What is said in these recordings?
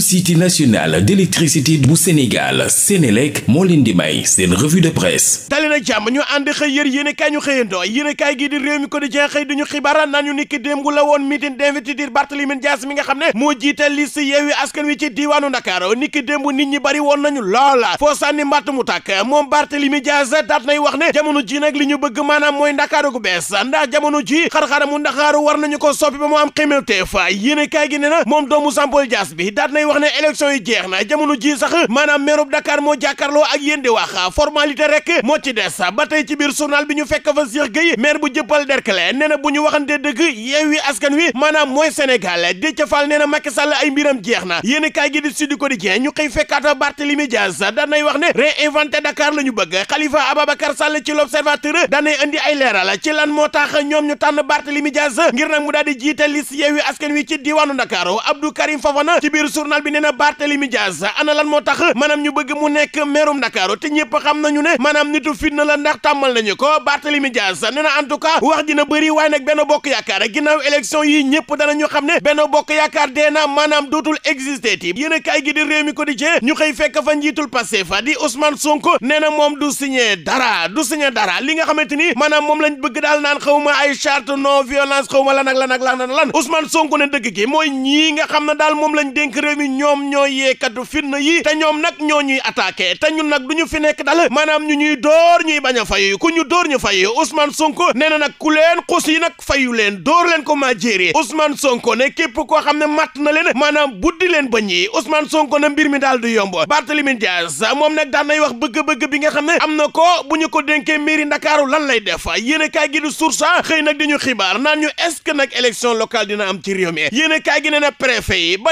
société nationale d'électricité bu Sénégal Sénélec moo leen di may seen revue de presse dali na jàmm ñu ànd xëy yër yéenekaay ñu xëyandoo yéenekaay gi di réew mi quotidien xëy duñu xibaar nañu niki démb la woon meeting d'investiture Barthélémy Dias mi nga xam ne moo jiital liste Yewwi Askan Wi ci diiwaanu Ndakaaru niki démb nit ñi bari woon nañu loola foo sànni mbatt mu tàkk moom Barthélémy Dias daat nay wax ne jamono ji nag li ñu bëgg ko soppi ba mu am ximewteef yéenekaay gi ne day wax ne élection yi jeex na jamono ji sax maanaam meerub Dakar moo jàkkaarloo ak yéen di wax formalité rek moo ci des ba tey ci biir journal bi ñu fekk fa Cheikh Gueye maire bu jëppal Derklé nee na bu ñu waxantee dëgg Yewwi Askan Wi maanaam mooy Sénégal Déthié Fall nee na Macky Sall ay mbiram jeex na yéen kaa gi di Sud Quotidien ñu xëy fekkaata Barthélémy Dias daan nay wax ne réinventer Dakar la ñu bëgg Khalifa Ababacar Sall ci l'Observateur daan nay andi ay leeral ci lan moo tax ñoom ñu tànn Barthélémy Dias ngir nag mu daal di jiite liste Yewwi Askan Wi ci diwaanu Dakar Abdou Karim journal bi nee na Barthélemy Diaz ana lan moo tax maanaam ñu bëgg mu nekk meerum Ndakaaru te ñëpp xam nañu ne maanaam nitu fitna la ndax tàmmal nañu ko Barthélemy Diaz nee na en tout cas wax dina bëri waaye nag benn bokk yaakaar ginnaaw élection yi ñëpp danañu xam ne benn bokk yaakaar dee na maanaam dootul existé ti yéen a kaay gi di réew mi quotidien ñu xëy fekk fa njiitul Pastef fa di Ousmane Sonko nee na moom du signé dara du signé dara li nga xamante ni maanaam moom lañ bëgg daal naan xaw ma ay charte non violence xaw ma lan ak lan ak lan lan Ousmane Sonko ne dëgg gi mooy ñii nga xam ne daal moom lañ dénk réew mi ñoom ñoo yeekatu fitna yi te ñoom nag ñoo ñuy attaqué te ñun nag du ñu fi nekk dal maanaam ñu ñuy dóor ñuy bañ a fayu ku ñu dóor ñu fayu Ousmane Sonko nee na nag ku leen xus yi nag fayu leen dóor leen ko maa jéeree Ousmane Sonko ne képp koo xam ne matt na leen maanaam buddi leen bañ yi Ousmane Sonko na mbir mi daal du yomb Barthélémy Dias moom nag daan nay wax bëgg-bëgg bi nga xam ne am na ko bu ñu ko dénkee mairie Ndakaaru lan lay def yéene kaay gi du source xëy nag di ñu na préfet yi ba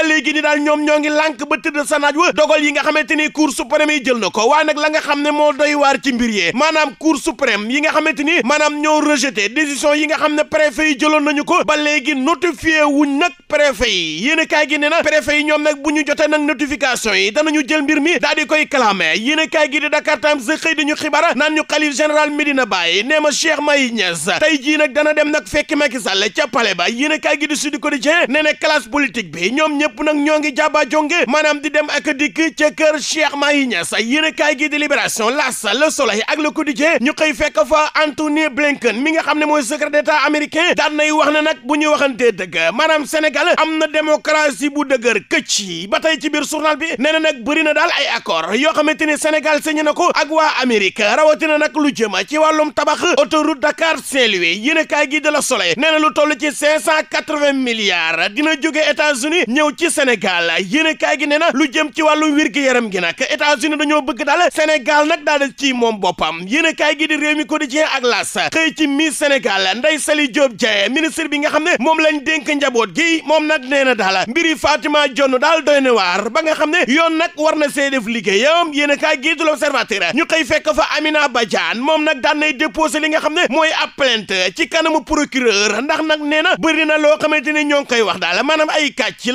ñoom ñoo ngi lànk ba tëdd sa naaj wa dogal yi nga xamante ni cour suprême yi jël na ko waaye nag nga xam ne moo doy waar ci mbir yee maanaam cour suprême yi nga xamante ni maanaam ñoo rejeté décision yi nga xam ne préfet yi jëloon nañu ko ba léegi notifié wuñ nag préfet yi yéen a gi ne na préfet yi ñoom nag bu ñu jotee nag notification yi danañu jël mbir mi daal di koy clamé yéen a kaay gi di Dakar Times xëy dañu xibaar naan ñu xalif général Medina Baye nee ma Cheikh Mahi Niass tey jii nag dana dem nag fekk Macky Sall ca palais ba yéen a gi di Sud Quotidien nee na classe politique bi ñoom ñëpp nag ñoo ngi jaaba jonge maanaam di dem ak dikk ca kër Cheikh Mahi Niass yéenekaay gi di Libération L'As Le Soleil ak Le Quotidien ñu xëy fekk fa Anthony Blinken mi nga xam ne mooy secrétaire d'État américain daan nay wax ne nag bu ñuy waxantee dëgg maanaam Sénégal am na démocratie bu dëgër këcc yi ba tey ci biir journal bi nee na nag bëri na daal ay accord yoo xamante ni Sénégal signé na ko ak waa Amérique rawatina nag lu jëm ci wàllum tabax autoroute Dakar Saint-Louis yéenekaay gi de la Soleil nee na lu toll ci cinq cent quatre-vingts milliards dina jóge États-Unis ñëw ci Sénégal alhamdulilah yéene gi nee na lu jëm ci wàllum wér gi yaram gi nag États-Unis dañoo bëgg daal Sénégal nag daal di ci moom boppam yéene kaay gi di réew mi quotidien ak las xëy ci Miss Sénégal Ndeye Saly Diop Dieng ministre bi nga xam ne moom lañ dénk njaboot gi moom nag nee na daal mbiri Fatima Dione daal doy na waar ba nga xam ne yoon nag war na see def liggéeyam yéene kaay gi du l'Observateur ñu xëy fekk fa Amina Badiane moom nag daan nay déposé li nga xam ne mooy ab plainte ci kanamu procureur ndax nag na bëri na loo xamante ni ñoo ngi koy wax daal maanaam ay kàcc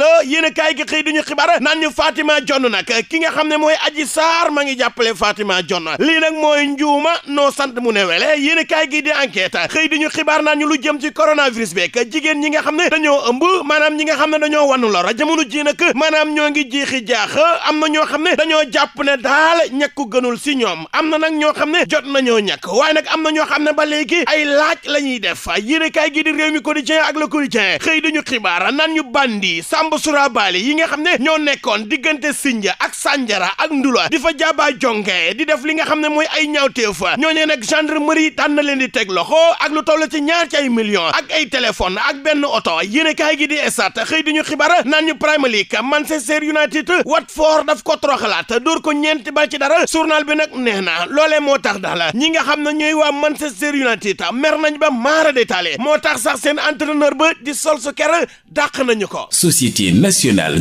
du ñu xibaar naan ñu ki nga xam ne mooy Adji Sarr ma ngi jàppale Fatima Jonn lii nag mooy njuuma noo sant mu ne wele yéen kaay gi di enquête xëy di ñu xibaar naan ñu lu jëm ci coronavirus beeg jigéen ñi nga xam ne dañoo maanaam ñi nga xam ne dañoo wanu lor jamono ji nag maanaam ñoo ngi jeexi jaax am na ñoo xam ne dañoo jàpp ne daal ñàkku gënul si ñoom am na nag ñoo xam ne jot nañoo ñàkk waaye nag am na ñoo xam ne ba léegi ay laaj la ñuy def yéen kaay gi di réew mi quotidien ak le quotidien xëy di ñu xibaar naan bandi sàmb surabaali yi nga ne ñoo nekkoon diggante Sinja ak Sanjara ak Ndula di fa jaaba jonge di def li nga xam ne mooy ay ñaawteef ñooñu nag gendarmerie daan na leen di teg loxo ak lu toll ci ñaar ci ay millions ak ay téléphone ak benn oto yéen kaay gi di esat xëy di ñu xibaar naan ñu Premier League Manchester wat Watford daf ko troxalaat dóor ko ñeenti ba ci dara journal bi nag neex na loolee moo tax daal ñi nga xam ne ñooy waa Manchester United mer nañ ba maara détaillé moo tax sax seen entraîneur ba di Solskjaer dàq nañu ko. Société nationale